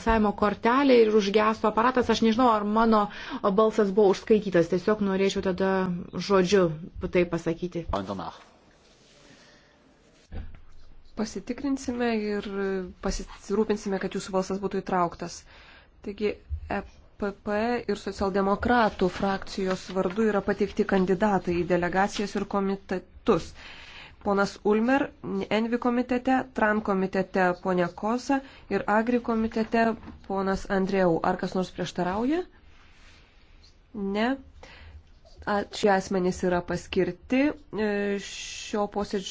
balsavimo kortelė ir užgeso aparatas. Aš nežinau, ar mano balsas buvo užskaitytas. Tiesiog norėčiau tada žodžiu tai pasakyti. Pasitikrinsime ir pasirūpinsime, kad jūsų balsas būtų įtrauktas. Taigi, EPP ir socialdemokratų frakcijos vardu yra pateikti kandidatai į delegacijas ir komitetus ponas Ulmer, Envi komitete, Tran komitete ponia Kosa ir Agri komitete ponas Andrėjau. Ar kas nors prieštarauja? Ne. Šie asmenys yra paskirti e, šio posėdžio.